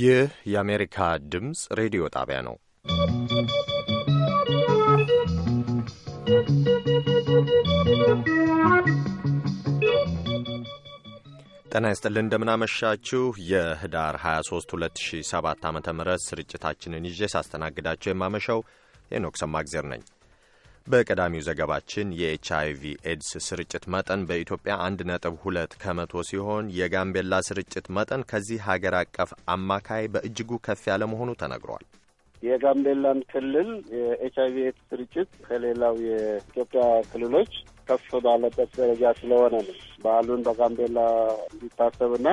ይህ የአሜሪካ ድምፅ ሬዲዮ ጣቢያ ነው። ጤና ይስጥልን እንደምናመሻችሁ። የህዳር 23 2007 ዓ ም ስርጭታችንን ይዤ ሳስተናግዳቸው የማመሻው ሄኖክ ሰማግዜር ነኝ። በቀዳሚው ዘገባችን የኤች አይቪ ኤድስ ስርጭት መጠን በኢትዮጵያ አንድ ነጥብ ሁለት ከመቶ ሲሆን የጋምቤላ ስርጭት መጠን ከዚህ ሀገር አቀፍ አማካይ በእጅጉ ከፍ ያለ መሆኑ ተነግሯል። የጋምቤላን ክልል የኤች ቪ ኤድስ ስርጭት ከሌላው የኢትዮጵያ ክልሎች ከፍ ባለበት ደረጃ ስለሆነ ነው በዓሉን በጋምቤላ እንዲታሰብና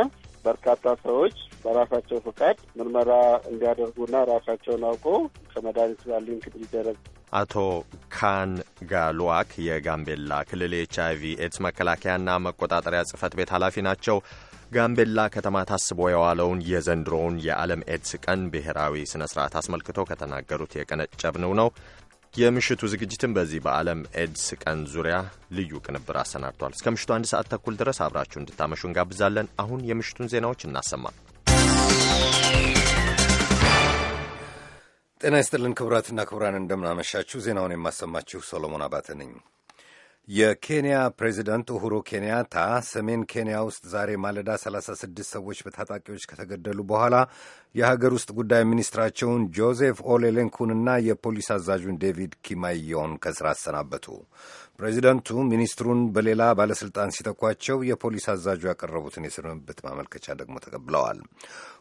በርካታ ሰዎች በራሳቸው ፍቃድ ምርመራ እንዲያደርጉና ራሳቸውን አውቆ ከመድኃኒት ጋር ሊንክ እንዲደረግ አቶ ጋሉዋክ የጋምቤላ ክልል የኤች አይቪ ኤድስ መከላከያና መቆጣጠሪያ ጽህፈት ቤት ኃላፊ ናቸው። ጋምቤላ ከተማ ታስቦ የዋለውን የዘንድሮውን የዓለም ኤድስ ቀን ብሔራዊ ስነ ስርዓት አስመልክቶ ከተናገሩት የቀነጨብነው ነው። የምሽቱ ዝግጅትም በዚህ በዓለም ኤድስ ቀን ዙሪያ ልዩ ቅንብር አሰናድቷል። እስከ ምሽቱ አንድ ሰዓት ተኩል ድረስ አብራችሁ እንድታመሹ እንጋብዛለን። አሁን የምሽቱን ዜናዎች እናሰማ። ጤና ይስጥልን ክቡራትና ክቡራን፣ እንደምናመሻችሁ። ዜናውን የማሰማችሁ ሶሎሞን አባተ ነኝ። የኬንያ ፕሬዚደንት ኡሁሩ ኬንያታ ሰሜን ኬንያ ውስጥ ዛሬ ማለዳ 36 ሰዎች በታጣቂዎች ከተገደሉ በኋላ የሀገር ውስጥ ጉዳይ ሚኒስትራቸውን ጆዜፍ ኦሌሌንኩንና የፖሊስ አዛዡን ዴቪድ ኪማዮን ከስራ አሰናበቱ። ፕሬዚደንቱ ሚኒስትሩን በሌላ ባለሥልጣን ሲተኳቸው የፖሊስ አዛዡ ያቀረቡትን የስንብት ማመልከቻ ደግሞ ተቀብለዋል።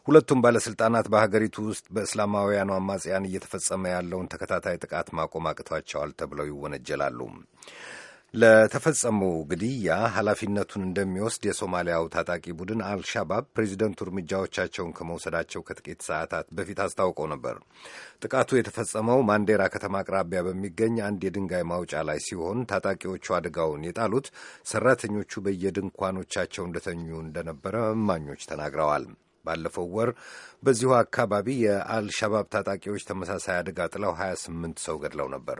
ሁለቱም ባለሥልጣናት በሀገሪቱ ውስጥ በእስላማውያኑ አማጽያን እየተፈጸመ ያለውን ተከታታይ ጥቃት ማቆም አቅቷቸዋል ተብለው ይወነጀላሉ። ለተፈጸመው ግድያ ኃላፊነቱን እንደሚወስድ የሶማሊያው ታጣቂ ቡድን አልሻባብ ፕሬዚደንቱ እርምጃዎቻቸውን ከመውሰዳቸው ከጥቂት ሰዓታት በፊት አስታውቀው ነበር። ጥቃቱ የተፈጸመው ማንዴራ ከተማ አቅራቢያ በሚገኝ አንድ የድንጋይ ማውጫ ላይ ሲሆን ታጣቂዎቹ አደጋውን የጣሉት ሰራተኞቹ በየድንኳኖቻቸው እንደተኙ እንደነበረ እማኞች ተናግረዋል። ባለፈው ወር በዚሁ አካባቢ የአልሻባብ ታጣቂዎች ተመሳሳይ አደጋ ጥለው 28 ሰው ገድለው ነበር።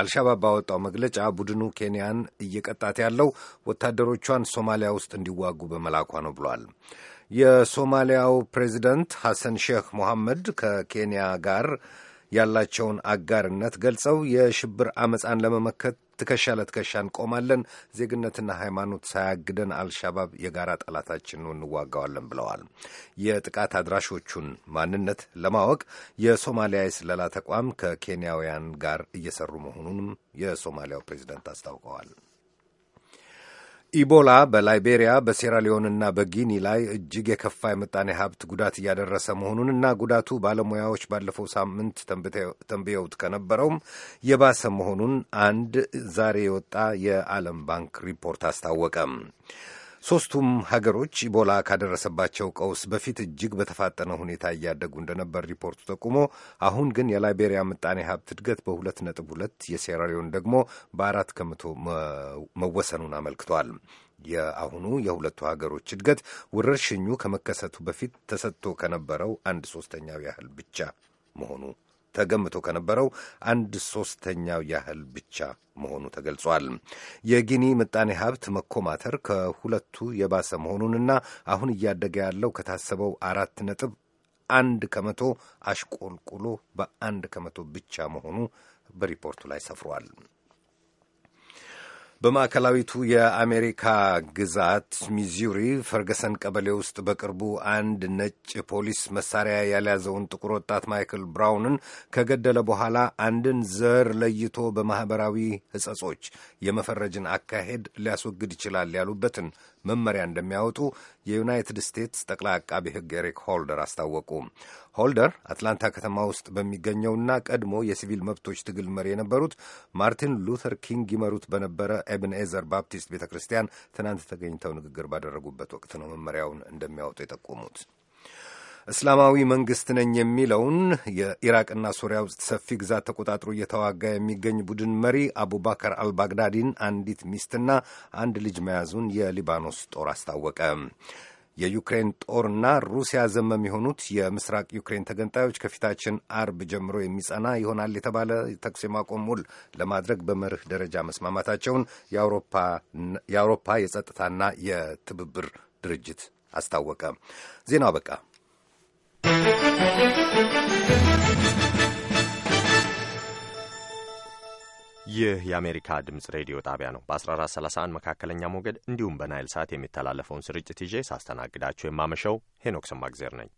አልሻባብ ባወጣው መግለጫ ቡድኑ ኬንያን እየቀጣት ያለው ወታደሮቿን ሶማሊያ ውስጥ እንዲዋጉ በመላኳ ነው ብሏል። የሶማሊያው ፕሬዚደንት ሐሰን ሼህ ሞሐመድ ከኬንያ ጋር ያላቸውን አጋርነት ገልጸው የሽብር አመፃን ለመመከት ትከሻ ለትከሻ እንቆማለን፣ ዜግነትና ሃይማኖት ሳያግደን አልሻባብ የጋራ ጠላታችን እንዋጋዋለን ብለዋል። የጥቃት አድራሾቹን ማንነት ለማወቅ የሶማሊያ የስለላ ተቋም ከኬንያውያን ጋር እየሰሩ መሆኑንም የሶማሊያው ፕሬዚደንት አስታውቀዋል። ኢቦላ በላይቤሪያ በሴራሊዮንና በጊኒ ላይ እጅግ የከፋ የምጣኔ ሀብት ጉዳት እያደረሰ መሆኑንና ጉዳቱ ባለሙያዎች ባለፈው ሳምንት ተንብየውት ከነበረውም የባሰ መሆኑን አንድ ዛሬ የወጣ የዓለም ባንክ ሪፖርት አስታወቀም ሦስቱም ሀገሮች ኢቦላ ካደረሰባቸው ቀውስ በፊት እጅግ በተፋጠነ ሁኔታ እያደጉ እንደነበር ሪፖርቱ ጠቁሞ አሁን ግን የላይቤሪያ ምጣኔ ሀብት እድገት በሁለት ነጥብ ሁለት የሴራሊዮን ደግሞ በአራት ከመቶ መወሰኑን አመልክቷል። የአሁኑ የሁለቱ ሀገሮች እድገት ወረርሽኙ ከመከሰቱ በፊት ተሰጥቶ ከነበረው አንድ ሶስተኛው ያህል ብቻ መሆኑ ተገምቶ ከነበረው አንድ ሶስተኛው ያህል ብቻ መሆኑ ተገልጿል። የጊኒ ምጣኔ ሀብት መኮማተር ከሁለቱ የባሰ መሆኑንና አሁን እያደገ ያለው ከታሰበው አራት ነጥብ አንድ ከመቶ አሽቆልቁሎ በአንድ ከመቶ ብቻ መሆኑ በሪፖርቱ ላይ ሰፍሯል። በማዕከላዊቱ የአሜሪካ ግዛት ሚዙሪ ፈርገሰን ቀበሌ ውስጥ በቅርቡ አንድ ነጭ ፖሊስ መሳሪያ ያልያዘውን ጥቁር ወጣት ማይክል ብራውንን ከገደለ በኋላ አንድን ዘር ለይቶ በማኅበራዊ ሕጸጾች የመፈረጅን አካሄድ ሊያስወግድ ይችላል ያሉበትን መመሪያ እንደሚያወጡ የዩናይትድ ስቴትስ ጠቅላይ አቃቢ ሕግ ኤሪክ ሆልደር አስታወቁ። ሆልደር አትላንታ ከተማ ውስጥ በሚገኘውና ቀድሞ የሲቪል መብቶች ትግል መሪ የነበሩት ማርቲን ሉተር ኪንግ ይመሩት በነበረ ኤብንኤዘር ባፕቲስት ቤተ ክርስቲያን ትናንት ተገኝተው ንግግር ባደረጉበት ወቅት ነው መመሪያውን እንደሚያወጡ የጠቆሙት። እስላማዊ መንግስት ነኝ የሚለውን የኢራቅና ሶሪያ ውስጥ ሰፊ ግዛት ተቆጣጥሮ እየተዋጋ የሚገኝ ቡድን መሪ አቡባከር አልባግዳዲን አንዲት ሚስትና አንድ ልጅ መያዙን የሊባኖስ ጦር አስታወቀ። የዩክሬን ጦርና ሩሲያ ዘመም የሆኑት የምስራቅ ዩክሬን ተገንጣዮች ከፊታችን አርብ ጀምሮ የሚጸና ይሆናል የተባለ ተኩስ የማቆም ውል ለማድረግ በመርህ ደረጃ መስማማታቸውን የአውሮፓ የጸጥታና የትብብር ድርጅት አስታወቀ። ዜናው በቃ። ይህ የአሜሪካ ድምፅ ሬዲዮ ጣቢያ ነው። በ1431 መካከለኛ ሞገድ እንዲሁም በናይል ሰዓት የሚተላለፈውን ስርጭት ይዤ ሳስተናግዳችሁ የማመሸው ሄኖክ ሰማግዜር ነኝ።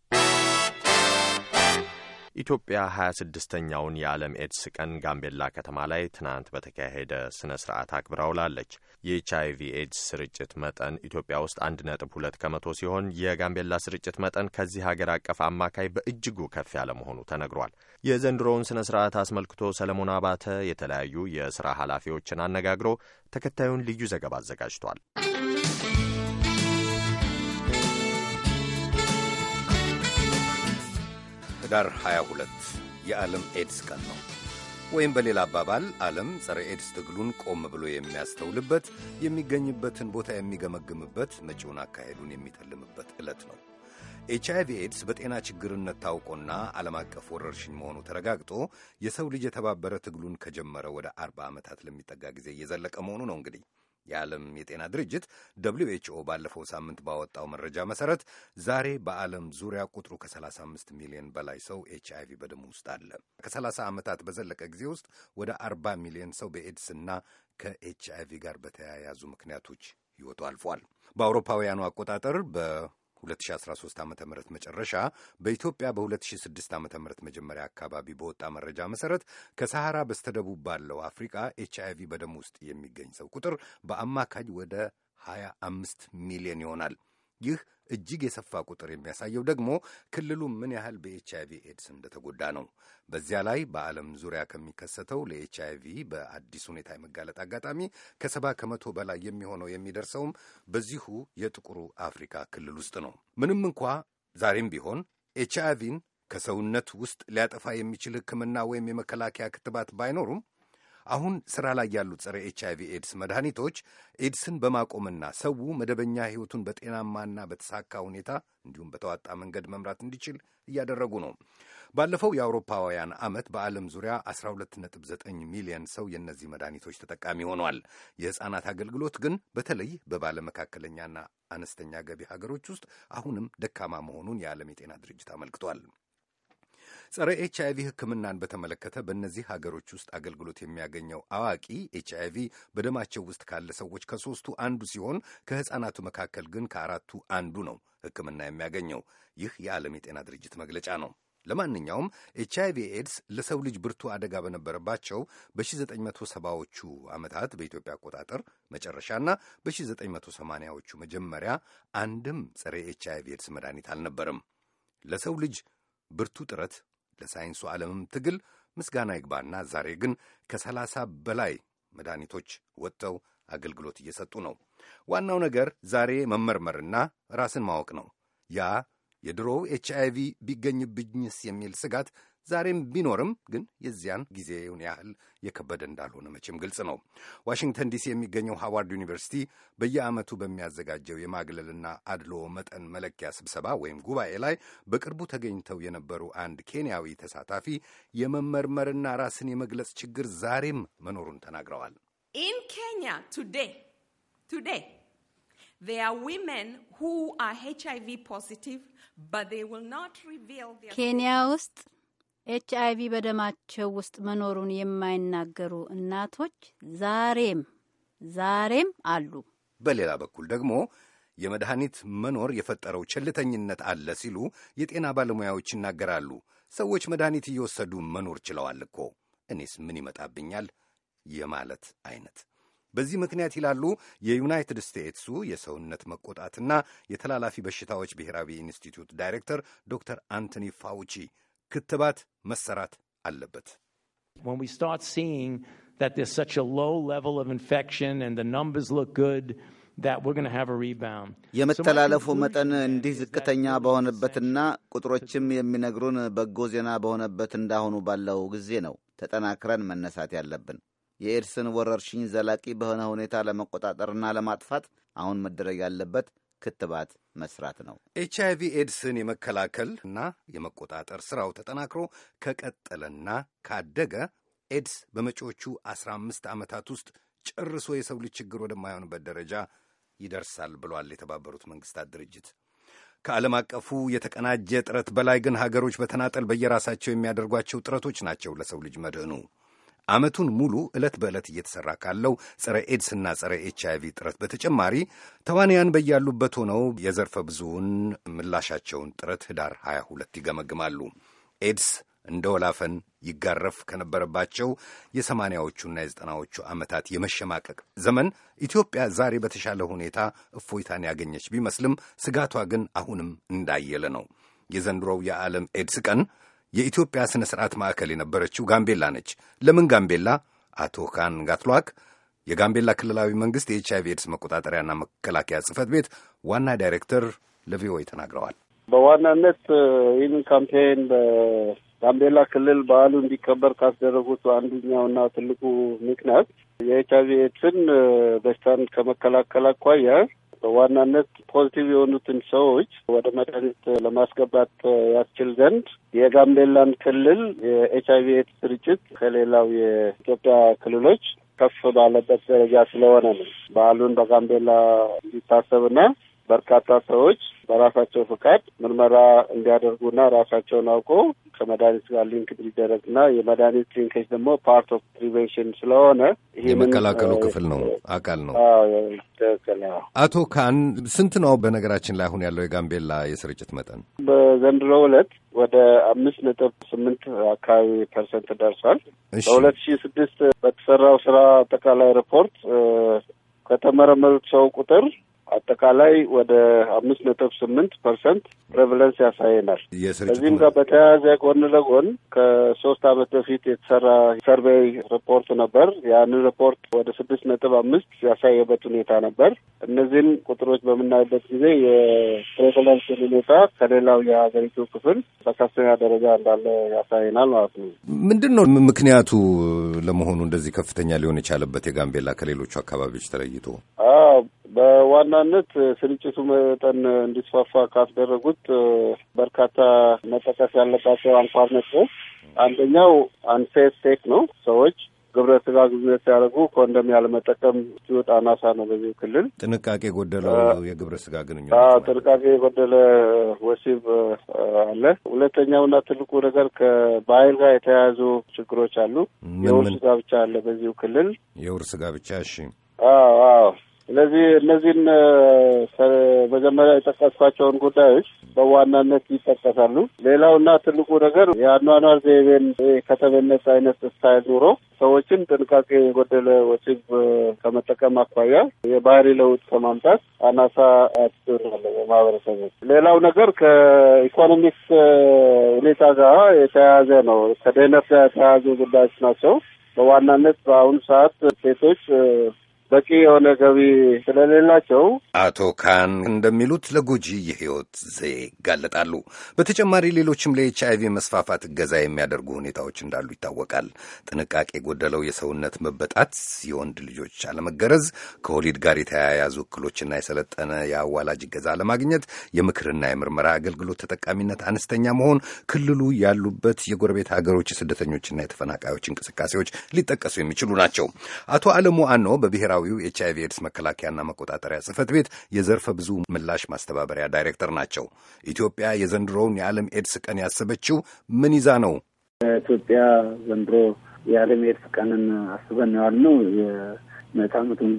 ኢትዮጵያ 26ኛውን የዓለም ኤድስ ቀን ጋምቤላ ከተማ ላይ ትናንት በተካሄደ ስነ ስርዓት አክብራ ውላለች። የኤች አይቪ ኤድስ ስርጭት መጠን ኢትዮጵያ ውስጥ አንድ ነጥብ ሁለት ከመቶ ሲሆን የጋምቤላ ስርጭት መጠን ከዚህ ሀገር አቀፍ አማካይ በእጅጉ ከፍ ያለ መሆኑ ተነግሯል። የዘንድሮውን ስነ ስርዓት አስመልክቶ ሰለሞን አባተ የተለያዩ የስራ ኃላፊዎችን አነጋግሮ ተከታዩን ልዩ ዘገባ አዘጋጅቷል። ህዳር 22 የዓለም ኤድስ ቀን ነው። ወይም በሌላ አባባል ዓለም ጸረ ኤድስ ትግሉን ቆም ብሎ የሚያስተውልበት፣ የሚገኝበትን ቦታ የሚገመግምበት፣ መጪውን አካሄዱን የሚተልምበት ዕለት ነው። ኤች አይቪ ኤድስ በጤና ችግርነት ታውቆና ዓለም አቀፍ ወረርሽኝ መሆኑ ተረጋግጦ የሰው ልጅ የተባበረ ትግሉን ከጀመረ ወደ አርባ ዓመታት ለሚጠጋ ጊዜ እየዘለቀ መሆኑ ነው እንግዲህ የዓለም የጤና ድርጅት ደብሊው ኤችኦ ባለፈው ሳምንት ባወጣው መረጃ መሰረት ዛሬ በዓለም ዙሪያ ቁጥሩ ከ35 ሚሊዮን በላይ ሰው ኤች አይቪ በደሙ ውስጥ አለ። ከ30 ዓመታት በዘለቀ ጊዜ ውስጥ ወደ 40 ሚሊዮን ሰው በኤድስና ከኤች አይቪ ጋር በተያያዙ ምክንያቶች ሕይወቱ አልፏል። በአውሮፓውያኑ አቆጣጠር በ 2013 ዓ ም መጨረሻ በኢትዮጵያ በ2006 ዓ ም መጀመሪያ አካባቢ በወጣ መረጃ መሰረት ከሰሐራ በስተደቡብ ባለው አፍሪቃ ኤች አይቪ በደም ውስጥ የሚገኝ ሰው ቁጥር በአማካኝ ወደ 25 ሚሊዮን ይሆናል። ይህ እጅግ የሰፋ ቁጥር የሚያሳየው ደግሞ ክልሉ ምን ያህል በኤች አይቪ ኤድስ እንደተጎዳ ነው። በዚያ ላይ በዓለም ዙሪያ ከሚከሰተው ለኤች አይቪ በአዲስ ሁኔታ የመጋለጥ አጋጣሚ ከሰባ ከመቶ በላይ የሚሆነው የሚደርሰውም በዚሁ የጥቁሩ አፍሪካ ክልል ውስጥ ነው። ምንም እንኳ ዛሬም ቢሆን ኤች አይቪን ከሰውነት ውስጥ ሊያጠፋ የሚችል ሕክምና ወይም የመከላከያ ክትባት ባይኖሩም አሁን ስራ ላይ ያሉት ጸረ ኤች አይቪ ኤድስ መድኃኒቶች ኤድስን በማቆምና ሰው መደበኛ ህይወቱን በጤናማና በተሳካ ሁኔታ እንዲሁም በተዋጣ መንገድ መምራት እንዲችል እያደረጉ ነው። ባለፈው የአውሮፓውያን ዓመት በዓለም ዙሪያ 129 ሚሊዮን ሰው የእነዚህ መድኃኒቶች ተጠቃሚ ሆኗል። የሕፃናት አገልግሎት ግን በተለይ በባለመካከለኛና አነስተኛ ገቢ ሀገሮች ውስጥ አሁንም ደካማ መሆኑን የዓለም የጤና ድርጅት አመልክቷል። ጸረ ኤች አይቪ ሕክምናን በተመለከተ በእነዚህ ሀገሮች ውስጥ አገልግሎት የሚያገኘው አዋቂ ኤች አይቪ በደማቸው ውስጥ ካለ ሰዎች ከሶስቱ አንዱ ሲሆን ከሕፃናቱ መካከል ግን ከአራቱ አንዱ ነው ሕክምና የሚያገኘው። ይህ የዓለም የጤና ድርጅት መግለጫ ነው። ለማንኛውም ኤች አይቪ ኤድስ ለሰው ልጅ ብርቱ አደጋ በነበረባቸው በ1970ዎቹ ዓመታት በኢትዮጵያ አቆጣጠር መጨረሻና በ1980ዎቹ መጀመሪያ አንድም ጸረ ኤች አይቪ ኤድስ መድኃኒት አልነበርም። ለሰው ልጅ ብርቱ ጥረት ለሳይንሱ ዓለምም ትግል ምስጋና ይግባና ዛሬ ግን ከሰላሳ በላይ መድኃኒቶች ወጥተው አገልግሎት እየሰጡ ነው። ዋናው ነገር ዛሬ መመርመርና ራስን ማወቅ ነው። ያ የድሮው ኤች አይ ቪ ቢገኝብኝስ የሚል ስጋት ዛሬም ቢኖርም ግን የዚያን ጊዜውን ያህል የከበደ እንዳልሆነ መቼም ግልጽ ነው። ዋሽንግተን ዲሲ የሚገኘው ሃዋርድ ዩኒቨርሲቲ በየዓመቱ በሚያዘጋጀው የማግለልና አድሎ መጠን መለኪያ ስብሰባ ወይም ጉባኤ ላይ በቅርቡ ተገኝተው የነበሩ አንድ ኬንያዊ ተሳታፊ የመመርመርና ራስን የመግለጽ ችግር ዛሬም መኖሩን ተናግረዋል። ኢን ኬንያ ቱዴይ ቱዴይ ኬንያ ውስጥ ኤች አይ ቪ በደማቸው ውስጥ መኖሩን የማይናገሩ እናቶች ዛሬም ዛሬም አሉ። በሌላ በኩል ደግሞ የመድኃኒት መኖር የፈጠረው ቸልተኝነት አለ ሲሉ የጤና ባለሙያዎች ይናገራሉ። ሰዎች መድኃኒት እየወሰዱ መኖር ችለዋል እኮ እኔስ ምን ይመጣብኛል የማለት አይነት። በዚህ ምክንያት ይላሉ የዩናይትድ ስቴትሱ የሰውነት መቆጣትና የተላላፊ በሽታዎች ብሔራዊ ኢንስቲትዩት ዳይሬክተር ዶክተር አንቶኒ ፋውቺ ክትባት መሰራት አለበት። When we start seeing that there's such a low level of infection and the numbers look good, that we're going to have a rebound. የመተላለፉ መጠን እንዲህ ዝቅተኛ በሆነበትና ቁጥሮችም የሚነግሩን በጎ ዜና በሆነበት እንዳሁኑ ባለው ጊዜ ነው ተጠናክረን መነሳት ያለብን። የኤድስን ወረርሽኝ ዘላቂ በሆነ ሁኔታ ለመቆጣጠርና ለማጥፋት አሁን መደረግ ያለበት ክትባት መስራት ነው። ኤች አይቪ ኤድስን የመከላከል እና የመቆጣጠር ስራው ተጠናክሮ ከቀጠለና ካደገ ኤድስ በመጪዎቹ 15 ዓመታት ውስጥ ጨርሶ የሰው ልጅ ችግር ወደማይሆንበት ደረጃ ይደርሳል ብሏል የተባበሩት መንግስታት ድርጅት። ከዓለም አቀፉ የተቀናጀ ጥረት በላይ ግን ሀገሮች በተናጠል በየራሳቸው የሚያደርጓቸው ጥረቶች ናቸው ለሰው ልጅ መድህኑ። ዓመቱን ሙሉ ዕለት በዕለት እየተሠራ ካለው ጸረ ኤድስና ጸረ ኤች አይቪ ጥረት በተጨማሪ ተዋንያን በያሉበት ሆነው የዘርፈ ብዙውን ምላሻቸውን ጥረት ህዳር 22 ይገመግማሉ። ኤድስ እንደ ወላፈን ይጋረፍ ከነበረባቸው የሰማንያዎቹና የዘጠናዎቹ ዓመታት የመሸማቀቅ ዘመን ኢትዮጵያ ዛሬ በተሻለ ሁኔታ እፎይታን ያገኘች ቢመስልም ስጋቷ ግን አሁንም እንዳየለ ነው። የዘንድሮው የዓለም ኤድስ ቀን የኢትዮጵያ ሥነ ሥርዓት ማዕከል የነበረችው ጋምቤላ ነች። ለምን ጋምቤላ? አቶ ካን ጋትሏክ የጋምቤላ ክልላዊ መንግሥት የኤች አይቪ ኤድስ መቆጣጠሪያና መከላከያ ጽህፈት ቤት ዋና ዳይሬክተር ለቪኦኤ ተናግረዋል። በዋናነት ይህን ካምፔን በጋምቤላ ክልል በዓሉ እንዲከበር ካስደረጉት አንዱኛውና ትልቁ ምክንያት የኤች አይቪ ኤድስን በሽታን ከመከላከል አኳያ በዋናነት ፖዚቲቭ የሆኑትን ሰዎች ወደ መድኃኒት ለማስገባት ያስችል ዘንድ የጋምቤላን ክልል የኤች አይቪ ኤት ስርጭት ከሌላው የኢትዮጵያ ክልሎች ከፍ ባለበት ደረጃ ስለሆነ ነው በዓሉን በጋምቤላ እንዲታሰብና በርካታ ሰዎች በራሳቸው ፍቃድ ምርመራ እንዲያደርጉና ራሳቸውን አውቆ ከመድኃኒት ጋር ሊንክ ሊደረግ እና የመድኃኒት ሊንኬጅ ደግሞ ፓርት ኦፍ ፕሪቬንሽን ስለሆነ የመከላከሉ ክፍል ነው፣ አካል ነው። አቶ ካን ስንት ነው በነገራችን ላይ አሁን ያለው የጋምቤላ የስርጭት መጠን? በዘንድሮ ዕለት ወደ አምስት ነጥብ ስምንት አካባቢ ፐርሰንት ደርሷል። በሁለት ሺ ስድስት በተሰራው ስራ አጠቃላይ ሪፖርት ከተመረመሩት ሰው ቁጥር አጠቃላይ ወደ አምስት ነጥብ ስምንት ፐርሰንት ፕሬቨለንስ ያሳየናል። ከዚህም ጋር በተያያዘ ጎን ለጎን ከሶስት አመት በፊት የተሰራ ሰርቬይ ሪፖርት ነበር። ያንን ሪፖርት ወደ ስድስት ነጥብ አምስት ያሳየበት ሁኔታ ነበር። እነዚህን ቁጥሮች በምናይበት ጊዜ የፕሬቨለንስ ሁኔታ ከሌላው የሀገሪቱ ክፍል በከፍተኛ ደረጃ እንዳለ ያሳየናል ማለት ነው። ምንድን ነው ምክንያቱ ለመሆኑ እንደዚህ ከፍተኛ ሊሆን የቻለበት የጋምቤላ ከሌሎቹ አካባቢዎች ተለይቶ? በዋናነት ስርጭቱ መጠን እንዲስፋፋ ካስደረጉት በርካታ መጠቀስ ያለባቸው አንኳር ነጥቦች አንደኛው አንሴፍ ቴክ ነው። ሰዎች ግብረ ስጋ ግንኙነት ሲያደርጉ ኮንደም ያለመጠቀም ሲወጥ አናሳ ነው። በዚህ ክልል ጥንቃቄ የጎደለው የግብረ ስጋ ግንኙነት ጥንቃቄ የጎደለ ወሲብ አለ። ሁለተኛውና ትልቁ ነገር ከባህል ጋር የተያያዙ ችግሮች አሉ። የውርስ ጋብቻ አለ። በዚሁ ክልል የውርስ ጋብቻ እሺ፣ አዎ፣ አዎ ስለዚህ እነዚህን መጀመሪያ የጠቀስኳቸውን ጉዳዮች በዋናነት ይጠቀሳሉ። ሌላውና ትልቁ ነገር የአኗኗር ዘይቤን ከተሜነት አይነት ስታይል ኑሮ ሰዎችን ጥንቃቄ የጎደለ ወሲብ ከመጠቀም አኳያ የባህሪ ለውጥ ከማምጣት አናሳ አትር አለ በማህበረሰቦች። ሌላው ነገር ከኢኮኖሚክስ ሁኔታ ጋር የተያያዘ ነው። ከድህነት ጋር የተያያዙ ጉዳዮች ናቸው። በዋናነት በአሁኑ ሰዓት ሴቶች በቂ የሆነ ገቢ ስለሌላቸው አቶ ካን እንደሚሉት ለጎጂ የህይወት ዘዬ ይጋለጣሉ። በተጨማሪ ሌሎችም ለኤች አይቪ መስፋፋት እገዛ የሚያደርጉ ሁኔታዎች እንዳሉ ይታወቃል። ጥንቃቄ የጎደለው የሰውነት መበጣት፣ የወንድ ልጆች አለመገረዝ፣ ከወሊድ ጋር የተያያዙ እክሎችና የሰለጠነ የአዋላጅ እገዛ አለማግኘት፣ የምክርና የምርመራ አገልግሎት ተጠቃሚነት አነስተኛ መሆን፣ ክልሉ ያሉበት የጎረቤት ሀገሮች የስደተኞችና የተፈናቃዮች እንቅስቃሴዎች ሊጠቀሱ የሚችሉ ናቸው። አቶ አለሙ አኖ በብሔራ ብሔራዊው ኤች አይቪ ኤድስ መከላከያና መቆጣጠሪያ ጽህፈት ቤት የዘርፈ ብዙ ምላሽ ማስተባበሪያ ዳይሬክተር ናቸው። ኢትዮጵያ የዘንድሮውን የዓለም ኤድስ ቀን ያሰበችው ምን ይዛ ነው? ኢትዮጵያ ዘንድሮ የዓለም ኤድስ ቀንን አስበን ነው ያልነው ዓመቱን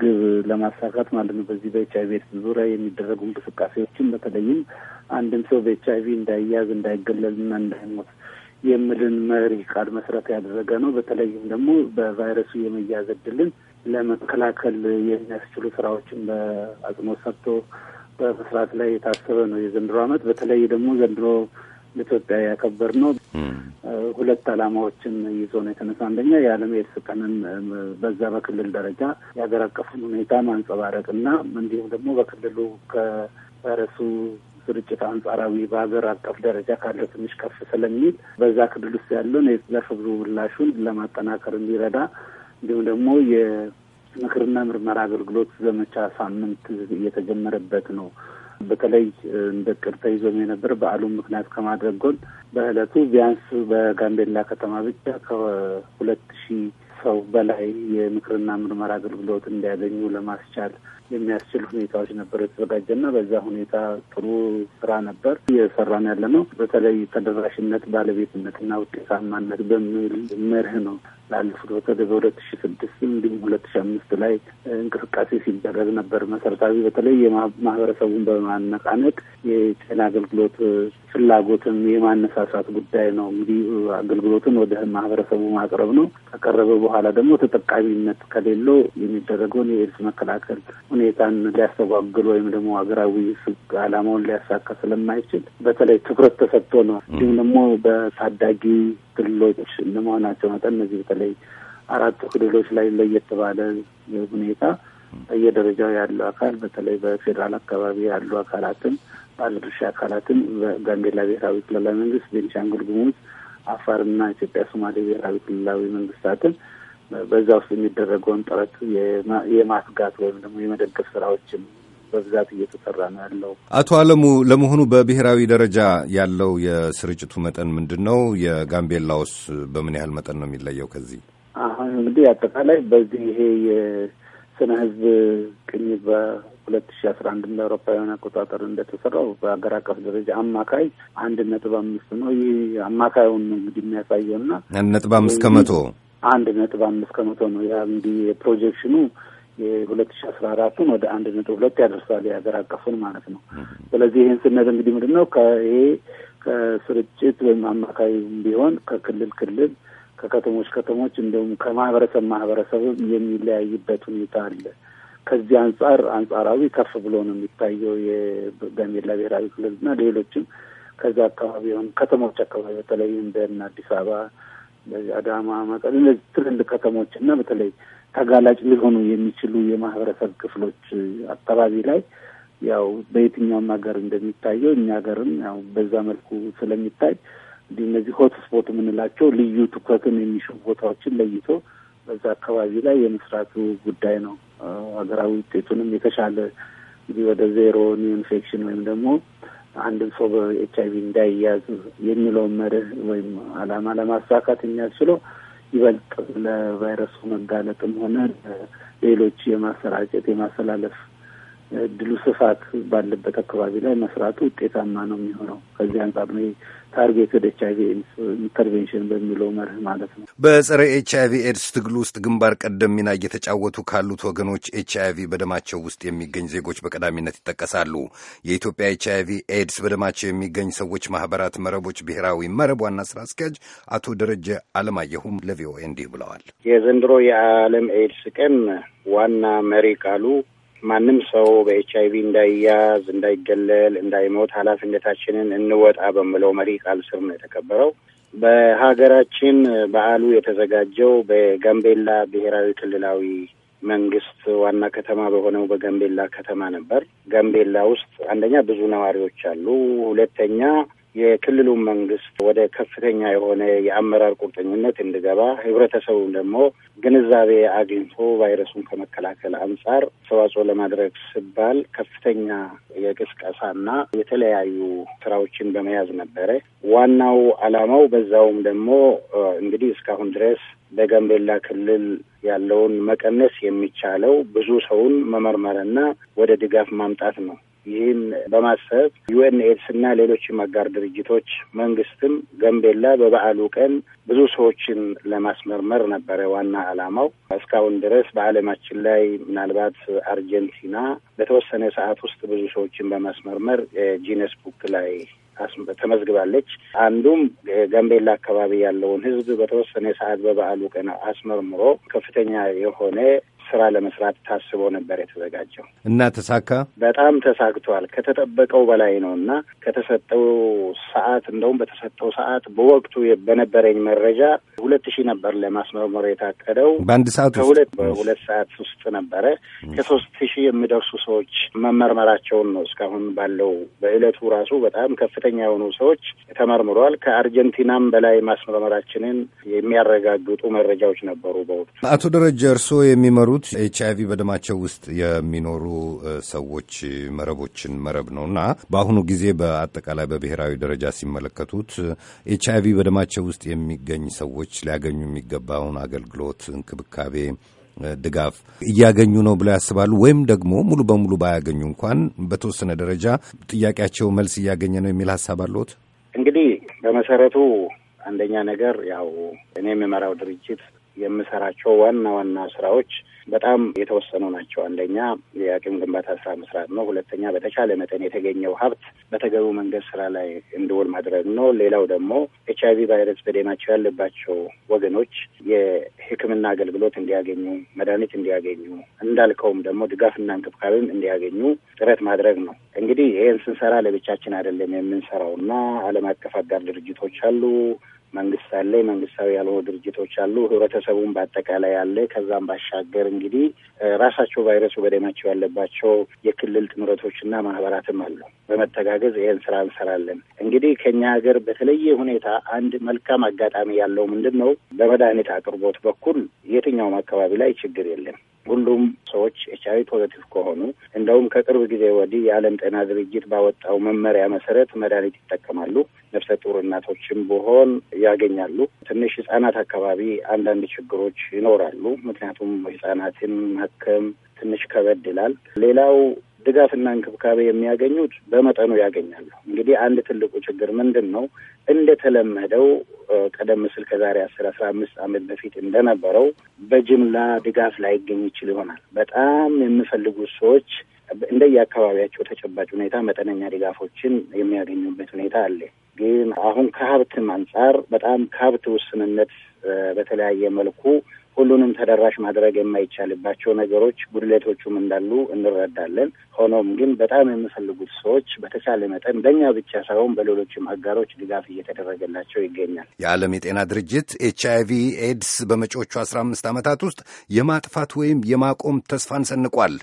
ግብ ለማሳካት ማለት ነው። በዚህ በኤች አይቪ ኤድስ ዙሪያ የሚደረጉ እንቅስቃሴዎችን በተለይም አንድም ሰው በኤች አይቪ እንዳይያዝ፣ እንዳይገለልና እንዳይሞት የሚልን መሪ ቃል መሰረት ያደረገ ነው። በተለይም ደግሞ በቫይረሱ የመያዝ እድልን ለመከላከል የሚያስችሉ ስራዎችን በአጽንኦት ሰጥቶ በመስራት ላይ የታሰበ ነው የዘንድሮ አመት በተለይ ደግሞ ዘንድሮ ለኢትዮጵያ ያከበር ነው ሁለት አላማዎችን ይዞ ነው የተነሳ። አንደኛ የዓለም ኤድስ ቀንን በዛ በክልል ደረጃ የሀገር አቀፉን ሁኔታ ማንጸባረቅ እና እንዲሁም ደግሞ በክልሉ ከቫይረሱ ስርጭት አንጻራዊ በሀገር አቀፍ ደረጃ ካለው ትንሽ ከፍ ስለሚል በዛ ክልል ውስጥ ያለውን የዘርፈ ብዙ ምላሹን ለማጠናከር እንዲረዳ እንዲሁም ደግሞ የምክርና ምርመራ አገልግሎት ዘመቻ ሳምንት እየተጀመረበት ነው። በተለይ እንደ ቅር ተይዞም የነበር በዓሉን ምክንያት ከማድረግ ጎን በእለቱ ቢያንስ በጋምቤላ ከተማ ብቻ ከሁለት ሺህ ሰው በላይ የምክርና ምርመራ አገልግሎት እንዲያገኙ ለማስቻል የሚያስችል ሁኔታዎች ነበር የተዘጋጀና በዛ ሁኔታ ጥሩ ስራ ነበር እየሰራን ያለ ነው። በተለይ ተደራሽነት፣ ባለቤትነትና ውጤታማነት በሚል መርህ ነው ላለፉት በተለይ በሁለት ሺ ስድስት እንዲሁም ሁለት ሺ አምስት ላይ እንቅስቃሴ ሲደረግ ነበር። መሰረታዊ በተለይ የማህበረሰቡን በማነቃነቅ የጤና አገልግሎት ፍላጎትን የማነሳሳት ጉዳይ ነው። እንግዲህ አገልግሎትን ወደ ማህበረሰቡ ማቅረብ ነው። ከቀረበ በኋላ ደግሞ ተጠቃሚነት ከሌለው የሚደረገውን የኤድስ መከላከል ሁኔታን ሊያስተጓግል ወይም ደግሞ ሀገራዊ ስግ አላማውን ሊያሳካ ስለማይችል በተለይ ትኩረት ተሰጥቶ ነው። እንዲሁም ደግሞ በታዳጊ ክልሎች እንደመሆናቸው መጠን እነዚህ በተለይ አራቱ ክልሎች ላይ ለየት ባለ ሁኔታ በየደረጃው ያለው አካል በተለይ በፌዴራል አካባቢ ያሉ አካላትን ባለድርሻ አካላትን በጋምቤላ ብሔራዊ ክልላዊ መንግስት፣ ቤንሻንጉል ጉሙዝ፣ አፋርና ኢትዮጵያ ሶማሌ ብሔራዊ ክልላዊ መንግስታትን በዛ ውስጥ የሚደረገውን ጥረት የማስጋት ወይም ደግሞ የመደገፍ ስራዎችን በብዛት እየተሰራ ነው ያለው። አቶ አለሙ፣ ለመሆኑ በብሔራዊ ደረጃ ያለው የስርጭቱ መጠን ምንድን ነው? የጋምቤላውስ በምን ያህል መጠን ነው የሚለየው? ከዚህ አሁን እንግዲህ አጠቃላይ በዚህ ይሄ የስነ ህዝብ ቅኝ በሁለት ሺ አስራ አንድ እንደ አውሮፓውያን አቆጣጠር እንደተሰራው በሀገር አቀፍ ደረጃ አማካይ አንድ ነጥብ አምስት ነው። ይህ አማካዩን እንግዲህ የሚያሳየውና አንድ ነጥብ አምስት ከመቶ አንድ ነጥብ አምስት ከመቶ ነው። ያ እንግዲህ የፕሮጀክሽኑ የሁለት ሺ አስራ አራቱን ወደ አንድ ነጥብ ሁለት ያደርሳል የሀገር አቀፉን ማለት ነው። ስለዚህ ይህን ስነት እንግዲህ ምንድን ነው ይሄ ከስርጭት ወይም አማካይ ቢሆን ከክልል ክልል ከከተሞች ከተሞች እንዲሁም ከማህበረሰብ ማህበረሰብ የሚለያይበት ሁኔታ አለ። ከዚህ አንጻር አንጻራዊ ከፍ ብሎ ነው የሚታየው የጋምቤላ ብሔራዊ ክልል እና ሌሎችም ከዛ አካባቢ ሆን ከተሞች አካባቢ በተለይ እንደ አዲስ አበባ፣ አዳማ፣ መቀሌ እነዚህ ትልልቅ ከተሞች እና በተለይ ተጋላጭ ሊሆኑ የሚችሉ የማህበረሰብ ክፍሎች አካባቢ ላይ ያው በየትኛውም ሀገር እንደሚታየው እኛ ሀገርም ያው በዛ መልኩ ስለሚታይ እንዲህ እነዚህ ሆት ስፖት የምንላቸው ልዩ ትኩረትን የሚሹ ቦታዎችን ለይቶ በዛ አካባቢ ላይ የመስራቱ ጉዳይ ነው። ሀገራዊ ውጤቱንም የተሻለ እንግዲህ ወደ ዜሮ ኒው ኢንፌክሽን ወይም ደግሞ አንድም ሰው በኤች አይቪ እንዳይያዝ የሚለውን መርህ ወይም አላማ ለማሳካት የሚያስችለው ይበልጥ ለቫይረሱ መጋለጥም ሆነ ሌሎች የማሰራጨት የማሰላለፍ እድሉ ስፋት ባለበት አካባቢ ላይ መስራቱ ውጤታማ ነው የሚሆነው። ከዚህ አንጻር ነው ታርጌትድ ኤች አይቪ ኤድስ ኢንተርቬንሽን በሚለው መርህ ማለት ነው። በጸረ ኤች አይቪ ኤድስ ትግል ውስጥ ግንባር ቀደም ሚና እየተጫወቱ ካሉት ወገኖች ኤች አይቪ በደማቸው ውስጥ የሚገኝ ዜጎች በቀዳሚነት ይጠቀሳሉ። የኢትዮጵያ ኤች አይቪ ኤድስ በደማቸው የሚገኝ ሰዎች ማህበራት መረቦች ብሔራዊ መረብ ዋና ስራ አስኪያጅ አቶ ደረጀ አለማየሁም ለቪኦኤ እንዲህ ብለዋል። የዘንድሮ የዓለም ኤድስ ቀን ዋና መሪ ቃሉ ማንም ሰው በኤች አይቪ እንዳይያዝ፣ እንዳይገለል፣ እንዳይሞት ኃላፊነታችንን እንወጣ በምለው መሪ ቃል ስር ነው የተከበረው። በሀገራችን በዓሉ የተዘጋጀው በጋምቤላ ብሔራዊ ክልላዊ መንግስት ዋና ከተማ በሆነው በጋምቤላ ከተማ ነበር። ጋምቤላ ውስጥ አንደኛ ብዙ ነዋሪዎች አሉ፣ ሁለተኛ የክልሉ መንግስት ወደ ከፍተኛ የሆነ የአመራር ቁርጠኝነት እንዲገባ ህብረተሰቡም ደግሞ ግንዛቤ አግኝቶ ቫይረሱን ከመከላከል አንጻር አስተዋጽኦ ለማድረግ ሲባል ከፍተኛ የቅስቀሳና የተለያዩ ስራዎችን በመያዝ ነበረ ዋናው አላማው። በዛውም ደግሞ እንግዲህ እስካሁን ድረስ በጋምቤላ ክልል ያለውን መቀነስ የሚቻለው ብዙ ሰውን መመርመርና ወደ ድጋፍ ማምጣት ነው። ይህን በማሰብ ዩኤን ኤድስ እና ሌሎችም አጋር ድርጅቶች መንግስትም ገንቤላ በበዓሉ ቀን ብዙ ሰዎችን ለማስመርመር ነበረ ዋና ዓላማው። እስካሁን ድረስ በዓለማችን ላይ ምናልባት አርጀንቲና በተወሰነ ሰዓት ውስጥ ብዙ ሰዎችን በማስመርመር ጂነስ ቡክ ላይ ተመዝግባለች። አንዱም ገንቤላ አካባቢ ያለውን ህዝብ በተወሰነ ሰዓት በበዓሉ ቀን አስመርምሮ ከፍተኛ የሆነ ስራ ለመስራት ታስቦ ነበር የተዘጋጀው እና ተሳካ። በጣም ተሳክቷል። ከተጠበቀው በላይ ነው እና ከተሰጠው ሰዓት እንደውም በተሰጠው ሰዓት በወቅቱ በነበረኝ መረጃ ሁለት ሺህ ነበር ለማስመርመር የታቀደው በአንድ ሰዓት ከሁለት በሁለት ሰዓት ውስጥ ነበረ። ከሶስት ሺህ የሚደርሱ ሰዎች መመርመራቸውን ነው እስካሁን ባለው በእለቱ ራሱ በጣም ከፍተኛ የሆኑ ሰዎች ተመርምረዋል። ከአርጀንቲናም በላይ ማስመርመራችንን የሚያረጋግጡ መረጃዎች ነበሩ በወቅቱ። አቶ ደረጀ እርስዎ የሚመሩ የጀመሩት ኤች አይቪ በደማቸው ውስጥ የሚኖሩ ሰዎች መረቦችን መረብ ነው እና በአሁኑ ጊዜ በአጠቃላይ በብሔራዊ ደረጃ ሲመለከቱት ኤች አይቪ በደማቸው ውስጥ የሚገኝ ሰዎች ሊያገኙ የሚገባውን አገልግሎት፣ እንክብካቤ ድጋፍ እያገኙ ነው ብለው ያስባሉ? ወይም ደግሞ ሙሉ በሙሉ ባያገኙ እንኳን በተወሰነ ደረጃ ጥያቄያቸው መልስ እያገኘ ነው የሚል ሀሳብ አለዎት? እንግዲህ በመሰረቱ አንደኛ ነገር ያው እኔ የምመራው ድርጅት የምሰራቸው ዋና ዋና ስራዎች በጣም የተወሰኑ ናቸው። አንደኛ የአቅም ግንባታ ስራ መስራት ነው። ሁለተኛ በተቻለ መጠን የተገኘው ሀብት በተገቢው መንገድ ስራ ላይ እንዲውል ማድረግ ነው። ሌላው ደግሞ ኤች አይቪ ቫይረስ በደማቸው ያለባቸው ወገኖች የሕክምና አገልግሎት እንዲያገኙ፣ መድኃኒት እንዲያገኙ፣ እንዳልከውም ደግሞ ድጋፍና እንክብካቤም እንዲያገኙ ጥረት ማድረግ ነው። እንግዲህ ይህን ስንሰራ ለብቻችን አይደለም የምንሰራው እና ዓለም አቀፍ አጋር ድርጅቶች አሉ መንግስት አለ፣ መንግስታዊ ያልሆኑ ድርጅቶች አሉ፣ ህብረተሰቡም በአጠቃላይ አለ። ከዛም ባሻገር እንግዲህ ራሳቸው ቫይረሱ በደማቸው ያለባቸው የክልል ጥምረቶችና ማህበራትም አሉ። በመተጋገዝ ይህን ስራ እንሰራለን። እንግዲህ ከኛ ሀገር በተለየ ሁኔታ አንድ መልካም አጋጣሚ ያለው ምንድን ነው? በመድኃኒት አቅርቦት በኩል የትኛውም አካባቢ ላይ ችግር የለም። ሁሉም ሰዎች ኤች አይቪ ፖዘቲቭ ከሆኑ እንደውም ከቅርብ ጊዜ ወዲህ የዓለም ጤና ድርጅት ባወጣው መመሪያ መሰረት መድኃኒት ይጠቀማሉ። ነፍሰ ጡር እናቶችም ብሆን ያገኛሉ። ትንሽ ህጻናት አካባቢ አንዳንድ ችግሮች ይኖራሉ። ምክንያቱም ህጻናትን ማከም ትንሽ ከበድ ይላል። ሌላው ድጋፍና እንክብካቤ የሚያገኙት በመጠኑ ያገኛሉ። እንግዲህ አንድ ትልቁ ችግር ምንድን ነው? እንደተለመደው ቀደም ሲል ከዛሬ አስር አስራ አምስት ዓመት በፊት እንደነበረው በጅምላ ድጋፍ ላይገኝ ይችል ይሆናል። በጣም የሚፈልጉት ሰዎች እንደየአካባቢያቸው ተጨባጭ ሁኔታ መጠነኛ ድጋፎችን የሚያገኙበት ሁኔታ አለ። ግን አሁን ከሀብትም አንጻር በጣም ከሀብት ውስንነት በተለያየ መልኩ ሁሉንም ተደራሽ ማድረግ የማይቻልባቸው ነገሮች ጉድለቶቹም እንዳሉ እንረዳለን። ሆኖም ግን በጣም የሚፈልጉት ሰዎች በተቻለ መጠን በእኛ ብቻ ሳይሆን በሌሎችም አጋሮች ድጋፍ እየተደረገላቸው ይገኛል። የዓለም የጤና ድርጅት ኤች አይቪ ኤድስ በመጪዎቹ አስራ አምስት ዓመታት ውስጥ የማጥፋት ወይም የማቆም ተስፋን ሰንቋል።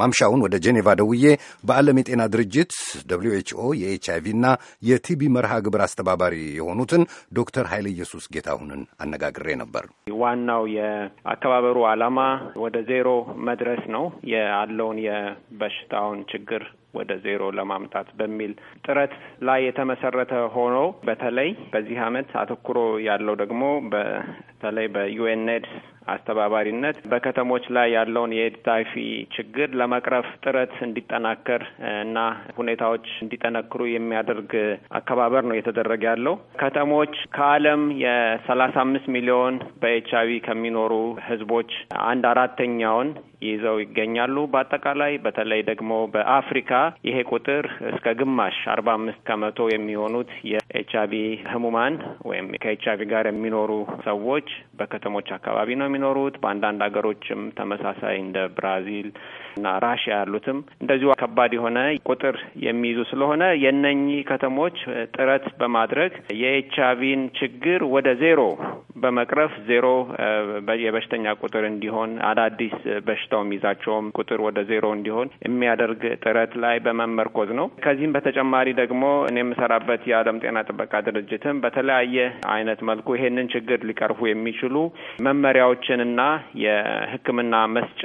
ማምሻውን ወደ ጄኔቫ ደውዬ በዓለም የጤና ድርጅት ደብሊው ኤችኦ የኤች እና የቲቢ መርሃ ግብር አስተባባሪ የሆኑትን ዶክተር ኃይለ ኢየሱስ ጌታሁንን አነጋግሬ ነበር። ዋናው የአከባበሩ ዓላማ ወደ ዜሮ መድረስ ነው ያለውን የበሽታውን ችግር ወደ ዜሮ ለማምጣት በሚል ጥረት ላይ የተመሰረተ ሆኖ በተለይ በዚህ አመት አተኩሮ ያለው ደግሞ በተለይ በዩኤንኤድስ አስተባባሪነት በከተሞች ላይ ያለውን የኤድታይፊ ችግር ለመቅረፍ ጥረት እንዲጠናከር እና ሁኔታዎች እንዲጠነክሩ የሚያደርግ አከባበር ነው እየተደረገ ያለው። ከተሞች ከዓለም የሰላሳ አምስት ሚሊዮን በኤች አይቪ ከሚኖሩ ህዝቦች አንድ አራተኛውን ይዘው ይገኛሉ። በአጠቃላይ በተለይ ደግሞ በአፍሪካ ይሄ ቁጥር እስከ ግማሽ አርባ አምስት ከመቶ የሚሆኑት የኤች አይቪ ህሙማን ወይም ከኤች አይቪ ጋር የሚኖሩ ሰዎች በከተሞች አካባቢ ነው የሚኖሩት። በአንዳንድ ሀገሮችም ተመሳሳይ እንደ ብራዚል እና ራሽያ ያሉትም እንደዚሁ ከባድ የሆነ ቁጥር የሚይዙ ስለሆነ የእነኚህ ከተሞች ጥረት በማድረግ የኤች አይቪን ችግር ወደ ዜሮ በመቅረፍ ዜሮ የበሽተኛ ቁጥር እንዲሆን አዳዲስ በሽታው የሚይዛቸውም ቁጥር ወደ ዜሮ እንዲሆን የሚያደርግ ጥረት ላይ ላይ በመመርኮዝ ነው። ከዚህም በተጨማሪ ደግሞ እኔ የምሰራበት የዓለም ጤና ጥበቃ ድርጅትም በተለያየ አይነት መልኩ ይሄንን ችግር ሊቀርፉ የሚችሉ መመሪያዎችንና የሕክምና መስጫ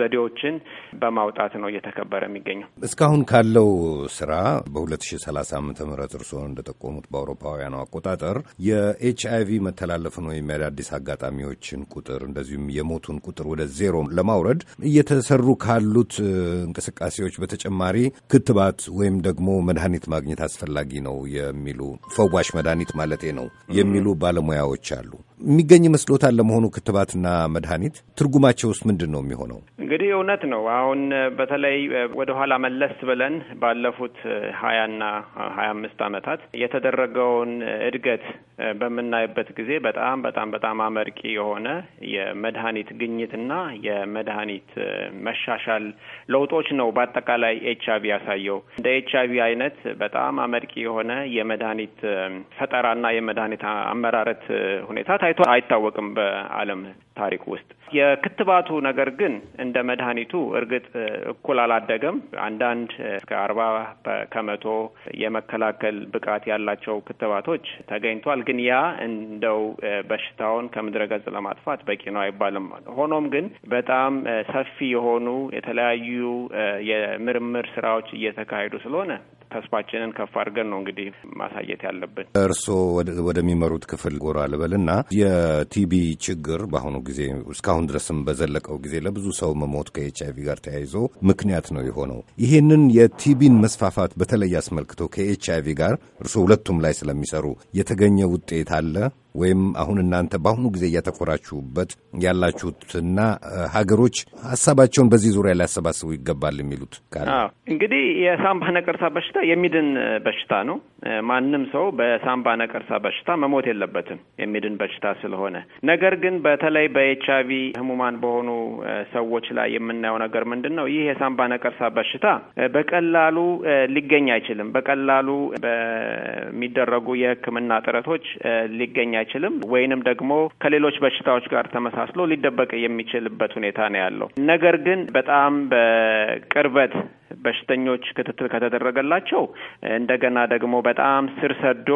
ዘዴዎችን በማውጣት ነው እየተከበረ የሚገኘው። እስካሁን ካለው ስራ በ2030 ዓ ም እርስዎ እንደጠቆሙት በአውሮፓውያኑ አቆጣጠር የኤች አይ ቪ መተላለፍን ወይም የአዳዲስ አጋጣሚዎችን ቁጥር እንደዚሁም የሞቱን ቁጥር ወደ ዜሮ ለማውረድ እየተሰሩ ካሉት እንቅስቃሴዎች በተጨማሪ በተጨማሪ ክትባት ወይም ደግሞ መድኃኒት ማግኘት አስፈላጊ ነው የሚሉ ፈዋሽ መድኃኒት ማለቴ ነው የሚሉ ባለሙያዎች አሉ። የሚገኝ ይመስሎታል? ለመሆኑ ክትባትና መድኃኒት ትርጉማቸው ውስጥ ምንድን ነው የሚሆነው? እንግዲህ እውነት ነው። አሁን በተለይ ወደኋላ መለስ ብለን ባለፉት ሀያና ሀያ አምስት ዓመታት የተደረገውን እድገት በምናይበት ጊዜ በጣም በጣም በጣም አመርቂ የሆነ የመድኃኒት ግኝትና የመድኃኒት መሻሻል ለውጦች ነው በአጠቃላይ ኤች አይቪ ያሳየው። እንደ ኤች አይቪ አይነት በጣም አመርቂ የሆነ የመድኃኒት ፈጠራና የመድኃኒት አመራረት ሁኔታ ታይቶ አይታወቅም በዓለም ታሪክ ውስጥ። የክትባቱ ነገር ግን እንደ መድኃኒቱ እርግጥ እኩል አላደገም። አንዳንድ እስከ አርባ ከመቶ የመከላከል ብቃት ያላቸው ክትባቶች ተገኝቷል። ግን ያ እንደው በሽታውን ከምድረ ገጽ ለማጥፋት በቂ ነው አይባልም። ሆኖም ግን በጣም ሰፊ የሆኑ የተለያዩ የምርምር ስራዎች እየተካሄዱ ስለሆነ ተስፋችንን ከፍ አድርገን ነው እንግዲህ ማሳየት ያለብን። እርስዎ ወደሚመሩት ክፍል ጎራ ልበልና የቲቢ ችግር በአሁኑ ጊዜ እስካሁን ድረስም በዘለቀው ጊዜ ለብዙ ሰው መሞት ከኤች አይቪ ጋር ተያይዞ ምክንያት ነው የሆነው። ይህንን የቲቢን መስፋፋት በተለይ አስመልክቶ ከኤች አይቪ ጋር እርስዎ ሁለቱም ላይ ስለሚሰሩ የተገኘ ውጤት አለ? ወይም አሁን እናንተ በአሁኑ ጊዜ እያተኮራችሁበት ያላችሁትና ሀገሮች ሀሳባቸውን በዚህ ዙሪያ ሊያሰባስቡ ይገባል የሚሉት ካለ እንግዲህ የሳምባ ነቀርሳ በሽታ የሚድን በሽታ ነው። ማንም ሰው በሳምባ ነቀርሳ በሽታ መሞት የለበትም የሚድን በሽታ ስለሆነ። ነገር ግን በተለይ በኤች አይ ቪ ህሙማን በሆኑ ሰዎች ላይ የምናየው ነገር ምንድን ነው? ይህ የሳምባ ነቀርሳ በሽታ በቀላሉ ሊገኝ አይችልም። በቀላሉ በሚደረጉ የሕክምና ጥረቶች ሊገኝ አይችልም ወይንም ደግሞ ከሌሎች በሽታዎች ጋር ተመሳስሎ ሊደበቅ የሚችልበት ሁኔታ ነው ያለው። ነገር ግን በጣም በቅርበት በሽተኞች ክትትል ከተደረገላቸው እንደገና ደግሞ በጣም ስር ሰዶ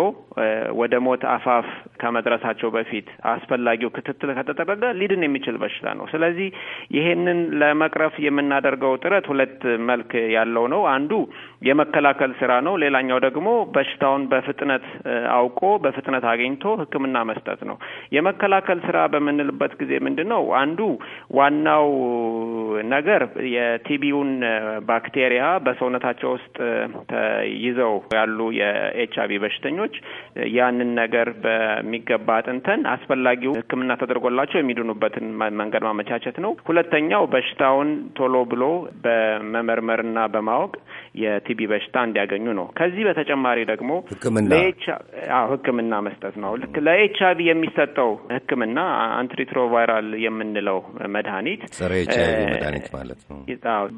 ወደ ሞት አፋፍ ከመድረሳቸው በፊት አስፈላጊው ክትትል ከተደረገ ሊድን የሚችል በሽታ ነው። ስለዚህ ይሄንን ለመቅረፍ የምናደርገው ጥረት ሁለት መልክ ያለው ነው። አንዱ የመከላከል ስራ ነው። ሌላኛው ደግሞ በሽታውን በፍጥነት አውቆ በፍጥነት አግኝቶ ሕክምና መስጠት ነው። የመከላከል ስራ በምንልበት ጊዜ ምንድን ነው? አንዱ ዋናው ነገር የቲቢውን ባክቴ ባክቴሪያ በሰውነታቸው ውስጥ ተይዘው ያሉ የኤች አይቪ በሽተኞች ያንን ነገር በሚገባ አጥንተን አስፈላጊው ሕክምና ተደርጎላቸው የሚድኑበትን መንገድ ማመቻቸት ነው። ሁለተኛው በሽታውን ቶሎ ብሎ በመመርመርና በማወቅ የቲቢ በሽታ እንዲያገኙ ነው። ከዚህ በተጨማሪ ደግሞ ሕክምና መስጠት ነው። ልክ ለኤች አይቪ የሚሰጠው ሕክምና አንትሪትሮቫይራል የምንለው መድኃኒት ጸረ ኤች አይቪ መድኃኒት ማለት ነው።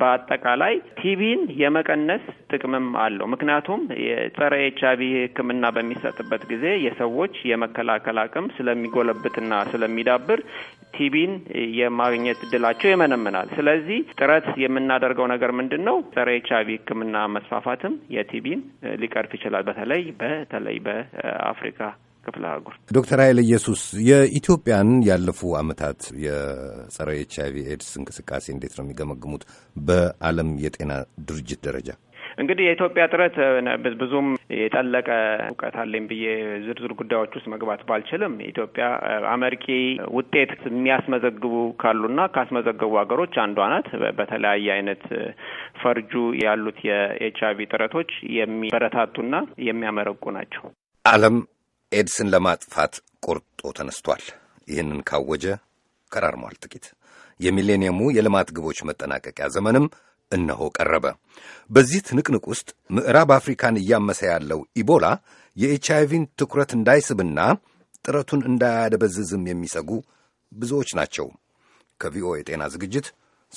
በአጠቃላይ ቲ ቲቪን የመቀነስ ጥቅምም አለው። ምክንያቱም የጸረ ኤችአይቪ ህክምና ሕክምና በሚሰጥበት ጊዜ የሰዎች የመከላከል አቅም ስለሚጎለብትና ስለሚዳብር ቲቢን የማግኘት እድላቸው ይመነምናል። ስለዚህ ጥረት የምናደርገው ነገር ምንድን ነው? ጸረ ኤች ሕክምና መስፋፋትም የቲቢን ሊቀርፍ ይችላል። በተለይ በተለይ በአፍሪካ ክፍለ አህጉር። ዶክተር ኃይለ ኢየሱስ የኢትዮጵያን ያለፉ ዓመታት የጸረ ኤች አይቪ ኤድስ እንቅስቃሴ እንዴት ነው የሚገመግሙት በዓለም የጤና ድርጅት ደረጃ? እንግዲህ የኢትዮጵያ ጥረት ብዙም የጠለቀ እውቀት አለኝ ብዬ ዝርዝር ጉዳዮች ውስጥ መግባት ባልችልም ኢትዮጵያ አመርቂ ውጤት የሚያስመዘግቡ ካሉና ካስመዘገቡ ሀገሮች አንዷ ናት። በተለያየ አይነት ፈርጁ ያሉት የኤች አይቪ ጥረቶች የሚበረታቱና የሚያመረቁ ናቸው። ዓለም ኤድስን ለማጥፋት ቆርጦ ተነስቷል። ይህንን ካወጀ ከራርሟል። ጥቂት የሚሌኒየሙ የልማት ግቦች መጠናቀቂያ ዘመንም እነሆ ቀረበ። በዚህ ትንቅንቅ ውስጥ ምዕራብ አፍሪካን እያመሰ ያለው ኢቦላ የኤች አይቪን ትኩረት እንዳይስብና ጥረቱን እንዳያደበዝዝም የሚሰጉ ብዙዎች ናቸው። ከቪኦኤ ጤና ዝግጅት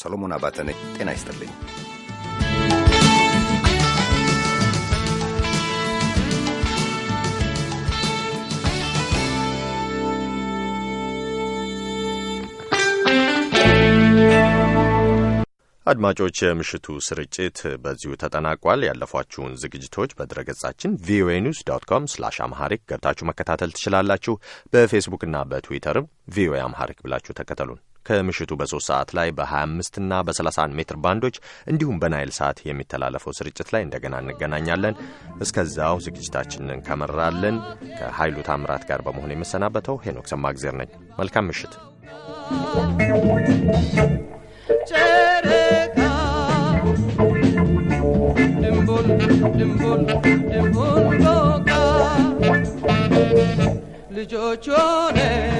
ሰሎሞን አባተ ነኝ። ጤና ይስጥልኝ። አድማጮች፣ የምሽቱ ስርጭት በዚሁ ተጠናቋል። ያለፏችሁን ዝግጅቶች በድረገጻችን ቪኦኤ ኒውስ ዶት ኮም ስላሽ አምሃሪክ ገብታችሁ መከታተል ትችላላችሁ። በፌስቡክና በትዊተርም ቪኦኤ አምሃሪክ ብላችሁ ተከተሉን። ከምሽቱ በሶስት ሰዓት ላይ በ25 እና በ31 ሜትር ባንዶች እንዲሁም በናይል ሰዓት የሚተላለፈው ስርጭት ላይ እንደገና እንገናኛለን። እስከዛው ዝግጅታችንን ከመራልን ከኃይሉ ታምራት ጋር በመሆን የምሰናበተው ሄኖክ ሰማግዜር ነኝ። መልካም ምሽት። chereka embol embol embol boka lijo chone